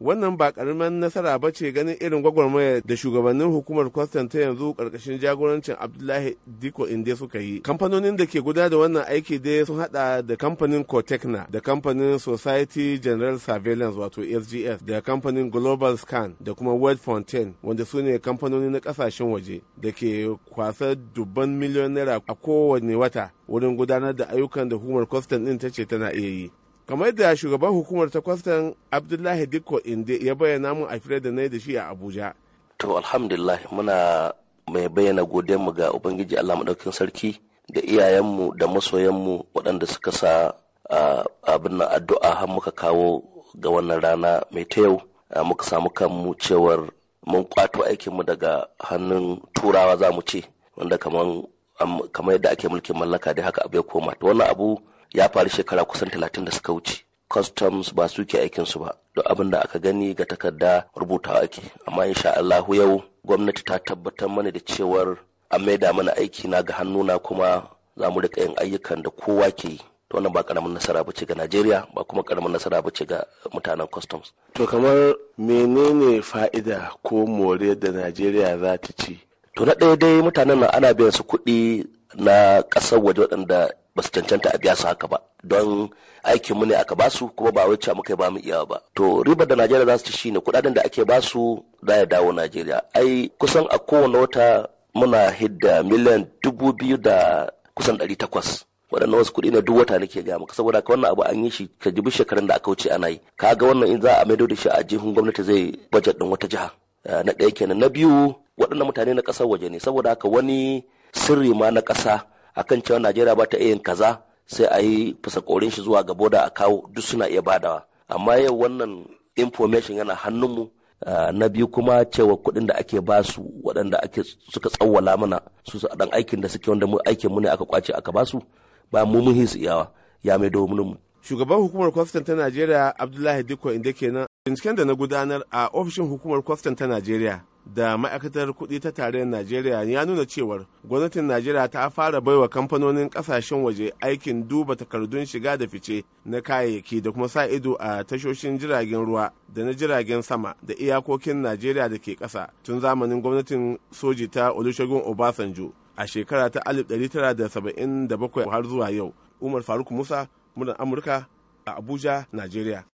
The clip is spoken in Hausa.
wannan ba karamin nasara ba ce ganin irin gwagwarmaya da shugabannin hukumar kwastan ta yanzu karkashin jagorancin abdullahi diko inde suka yi kamfanonin da ke gudanar da wannan aiki dai sun hada da kamfanin cotecna da kamfanin society general surveillance wato sgs da kamfanin global scan da kuma world fountain wanda su ne kamfanoni na kasashen waje da ke kwasa dubban miliyon naira a kowane wata wurin gudanar da ayyukan da hukumar kwastan din ta ce tana iya yi kamar da shugaban hukumar ta kwastan abdullahi dikko inde ya bayyana mun a fira da na da shi a abuja to alhamdulillah muna mai bayyana mu ga ubangiji allah maɗaukin sarki da iyayenmu da masoyanmu waɗanda suka sa abin nan addu'a har muka kawo ga wannan rana mai ta yau muka samu kanmu cewar mun kwato aikinmu daga hannun turawa za mu ce wanda kamar yadda ake mulkin mallaka dai haka abu ya koma to wannan abu ya faru shekara kusan talatin da suka wuce customs ba su ke aikinsu ba duk abin da aka gani ga takarda rubutawa ake amma insha Allah yau gwamnati ta tabbatar mana da cewar an maida mana aiki na ga hannuna kuma za mu rika yin ayyukan da kowa ke yi to wannan ba karamin nasara ba ce ga Najeriya ba kuma karamin nasara ba ce ga mutanen customs to kamar menene fa'ida ko more da Najeriya za ta ci to na ɗaya dai mutanen nan ana biyan su kuɗi na ƙasar waje waɗanda ba su cancanta a biya su haka ba don aikin mu ne aka ba su kuma ba wacce muka ba mu iyawa ba to riba da najeriya za su ci shine kudaden da ake ba su za ya dawo najeriya ai kusan a kowane wata muna hidda miliyan dubu biyu da kusan ɗari takwas waɗannan wasu kuɗi na duk wata nake gaya maka saboda ka wannan abu an yi shi ka jibi shekarun da aka wuce ana yi ka ga wannan in za a maido da shi a jihun gwamnati zai bajet ɗin wata jiha eh, na ɗaya kenan na biyu waɗannan mutane na ƙasar waje ne saboda haka wani sirri ma na ƙasa akan cewa najeriya ba ta iya yin kaza sai a yi fasa korin shi zuwa ga boda a kawo duk suna iya badawa amma yau wannan information yana hannunmu na biyu kuma cewa kuɗin da ake ba su waɗanda ake suka tsawwala mana su dan aikin da suke wanda mu aikin mu ne aka kwace aka ba su ba mu muhin su iyawa ya mai domin mu shugaban hukumar kwastan ta najeriya abdullahi dikko inda kenan binciken da na gudanar a ofishin hukumar kwastan ta najeriya da ma'aikatar kuɗi ta tarayyar najeriya ya nuna cewar gwamnatin najeriya ta fara baiwa kamfanonin ƙasashen waje aikin duba takardun shiga da fice na kayayyaki da kuma sa ido a tashoshin jiragen ruwa da na jiragen sama da iyakokin najeriya da ke ƙasa tun zamanin gwamnatin soji ta olusegun obasanjo a shekara ta 1977 har zuwa yau umar faruk musa murar amurka a abuja najeriya